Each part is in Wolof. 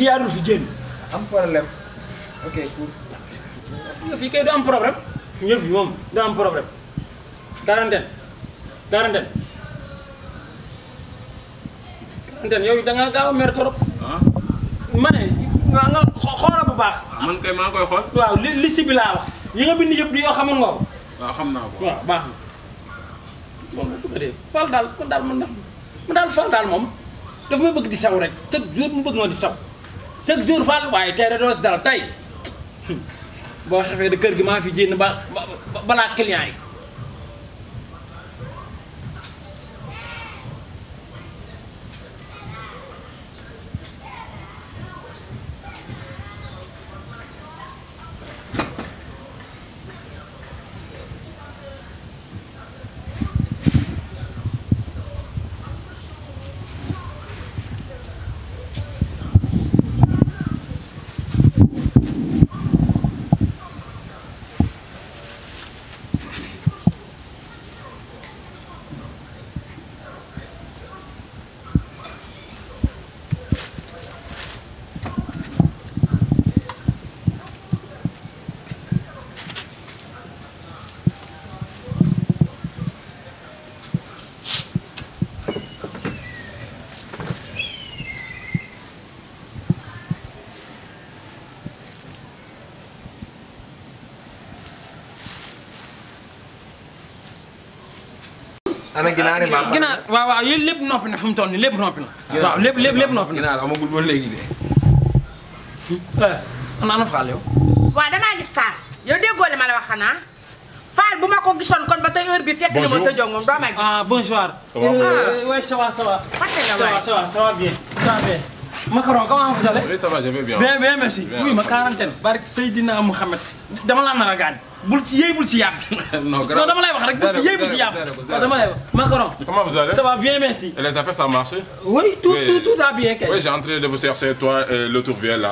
milliard du fi génn. am kay du am problème ñëw fi moom du am problème quarantaine quarantaine quarantaine yow da nga gaaw a mer ah. ma nga nga bu baax. Ah, man kay maa koy xool. waaw li li si bi laa wax yi nga bind yëpp di yoo xamoon nga ko. waaw baax na. moom la dee Fall daal man daal man daal man daal moom daf ma bëgg di saw rek te jour mu bëgg ma di saw. chaque jour Fall waaye tey doo si dara tey boo xefee de kër gi maa fi jénn ba balaa client yi ana ginaar yi maam ginaar waaw waaw yéen lépp noppi na fu mu toll nii lépp noppi na. waaw lépp lépp lépp noppi na. ginaar amagul woon léegi de. Eh, ana ana faal yow. waaw damaa gis faal yow déggoo li ma la wax xanaa faal bu ma ko gisoon kon ba tey heure bi fekk na ma tëjoo moom doo ma gis. ah bonjour. Euh, euh, oui ça va ça va. fàtte nga waay ça va ça va bien ça va bien. Macaron comment vous allez. oui ça va je vais bien. bien bien merci. bien oui ma quarantaine. barke Seydina Mouhamed dama laa nar a gaañ. bul ci yéy bul ci yàpp. non dama lay wax rek bul ci yéy bul ci yàpp. dama lay wax Macaron. comment vous allez bien merci. les affaires ça marche. tout a bien kay. oui j'ai en train de vous chercher toi et euh, l'autre vieille là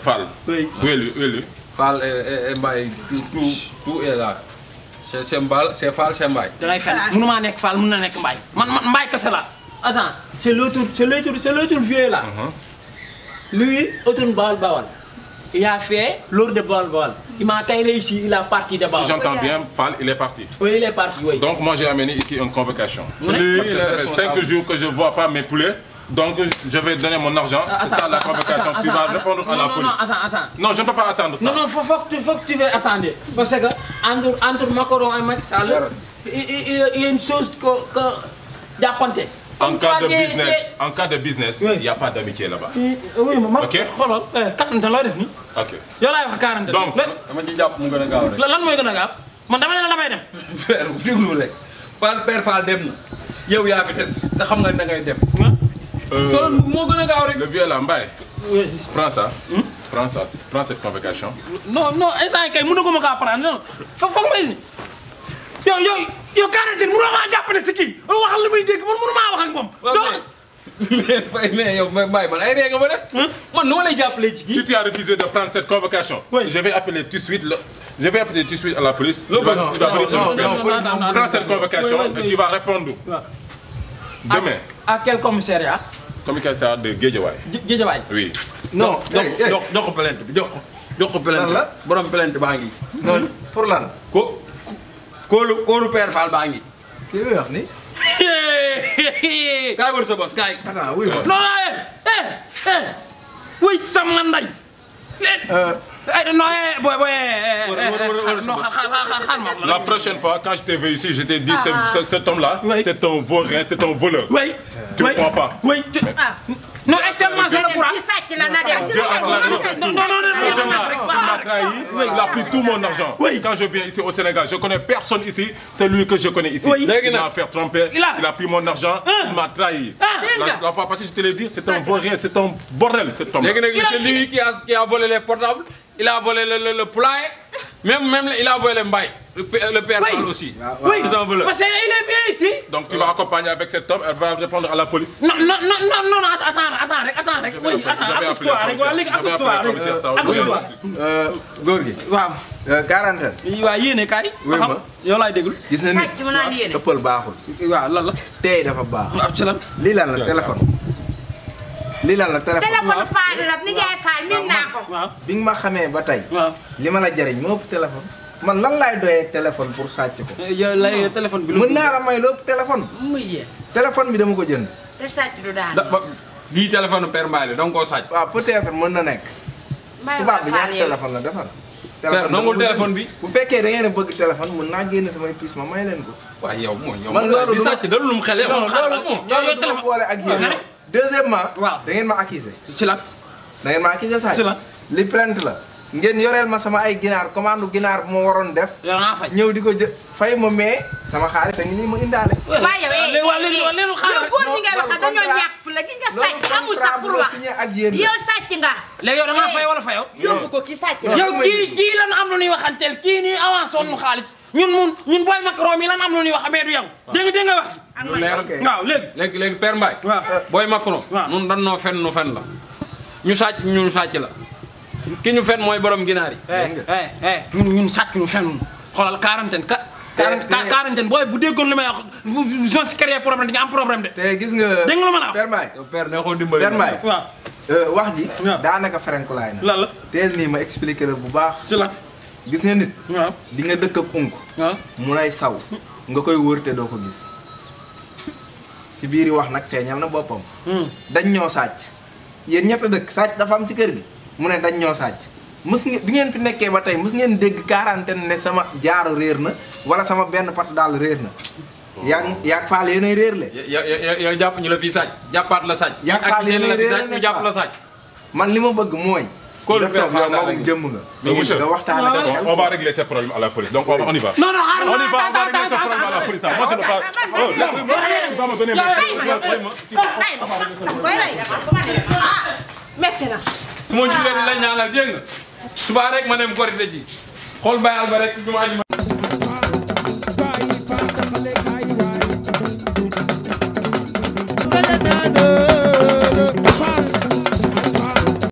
Fall. oui où est lui où est lui. Fall et euh, euh, là. c'est c'est Mbal c'est Fall c'est Mbaye. da ngay fen nekk Fall mën na nekk Mbaye man man Mbaye kese la. attends c'est l'autre c'est l'autre c'est l'autre vieille là. Uh-huh. lui autre Mbal Bawal. il a fait l'or de Baol-Baol. Qui m'a taillé ici, il a parti de Baol. Si j'entends bien, Fall, il est parti. Oui, il est parti, oui. Donc moi, j'ai amené ici une convocation. Oui. Parce que ça fait 5 jours que je ne vois pas mes poulets. Donc, je vais donner mon argent. Ah, c'est ça la convocation. tu vas répondre à la police. Non, attends, attends. Non, je ne peux pas attendre ça. Non, non, il faut, que tu veuilles attendre. Parce que entre, Macron et Macky Sall, il, y a une chose que. que en cas de business en cas de business. il y a pas d'amitié là-bas. ok xoolal 40 loo def nii. ok yow laay wax 40. donc dama ci jàpp mu gën a gaaw rek. lan mooy gën a gaaw man dama ne la damay dem. père déglu rek par père Fall dem na yow yaa fi des te xam nga da ngay dem. solo moo gën a gaaw rek. le vieux là Mbaye. prends ça. prends ça prends cette convocation. non non instant yii kay mënaguma kaa prendre non fa foog ma indi yow yow yow 40 mënoo maa jàppale si kii waxal li muy dégg man mënuma. fay mais yow may man ay réer nga ma def. Hmm? man nu ma lay jàppalee ci kii. si tu as refusé de prendre cette convocation. oui je vais appeler tout de suite le je vais appeler tout de suite à la police. non non non non prends cette convocation et tu vas répondre. demain. à quel commissariat. commissariat de Guédiawaye. Guédiawaye. oui. non donc jox ko plainte bi jox ko. jox ko plainte la borom plainte baa ngi. non pour lan. ko kóolu kóolu Père Fall baa ngi. kii bi wax ni. kaay wër sa bos kaay. La prochaine je t'ai dit, ah. cet là c'est un vaurien, c'est tu ne crois pas. oui tu ah. ah. non actuellement je le crois. non non non non. il a pris tout mon argent. oui quand je viens ici au Sénégal je connais personne ici c'est lui que je connais ici. oui léegi nag il m'a fait tromper. il a pris mon argent. Ah. il m'a trahi. Ah. la la fois passée je te l'ai dit c'est un vaurien c'est un bordel cet homme. léegi nag c'est lui qui a qui a volé les portables il a volé le le le poulailler. Même, même il a envoyé les Mbaye, le, le père oui. aussi. Ah, oui, parce qu'il est bien ici. Donc tu vas accompagner avec cet homme, elle va répondre à la police. Non, non, non, a non attends, attends, attends, rek. Oui, attends, attends, attends, attends, attends. Góor gi. Waaw. Euh, euh, quarantaine. waaw yéene kaay. xam yow laay ni ëppal baaxul. waaw lan la. tey dafa baax. waaw ci lan. lii lan la téléphone. li lan la téléphone téléphone la ni jaay Fall miin naa ko. bi nga ma xamee ba tey. li ma la jariñ moo ëpp téléphone. man lan laay doyee téléphone pour sàcc ko. yow lay bi. mën naa la may lépp téléphone. muy bi dama ko jënd. te sàcc du daal. lii téléphone Père Mbaye la danga koo na nekk. tubaab bi ñaata téléphone la defar. téléphone bi. bu fekkee da ngeen a bëgg téléphone mën naa génne samay puces ma may leen ko. waaw yow moom yow. man loolu du ma sàcc dalul mu xel yow. non loolu loolu du ma boole ak yéen deuxièmement. waaw da ngeen ma accuser si lan da ngeen ma accuser Sadio. si lan li plainte la. ngeen yoreel ma sama ay ginaar commande ginaar moo ma waroon def. ñëw di ko jë fay ma mais. sama xaalis da ngi nii ma indaale. waaw yow eh, eh loolu góor ñi ngay wax dañoo ñàkk fu la gi nga sàcc amul sax pour wax yow sàcc nga. léegi yow da ngaa eh, fay wala fayoo. yóbbu ko kii la. yow kii kii la nu am lu ñuy waxanteel kii nii avancé woon nu xaalis. ñun mun ñun booy Macron mi lan am lu ñuy wax amee du yow. dégg nga dégg nga wax. waaw léegi léegi booy Macron. waaw ñun dañu noo fen nu fen la. ñu sàcc ñu sàcc la ki ñu fen mooy borom ginaar yi. Eh, eh, eh. ñun ñun sàcc ñu fen xoolal quarantaine ka. quarantaine booy bu déggoon li may wax zone si créé problème dañu am problème de. te gis nga. dégg nga lu ma la wax Père Mbaye. Père neexoon dimbali. Euh, daanaka ferenkulaay na. lan la teel nii ma expliqué la bu baax. si lan. gis nga nit. waaw di nga dëkk ak unk. mu lay saw. nga koy wër te doo ko gis. ci biir yi wax nag feeñal na boppam. Hmm. dañ ñoo sàcc. yéen ñett dëkk sàcc dafa am ci kër gi. mu ne dañ ñoo sàcc. mës ngeen bi ngeen fi nekkee ba tey mës ngeen dégg quarantaine ne sama jaaru réer na wala sama benn pat daal réer na. Oh. yaa yaa faal yéenay réer le. yow jàpp ñu la fii sàcc jàppaat la sàcc. yaa faal yéenay réer la ne man li ma bëgg mooy. kóol bi jëmm nga. mais monsieur on va régler ces problèmes à la police donc on y va. non non on y va on va régler ces problèmes à la police ah moi je ne pas. oh léegi ah, ma ma ma ma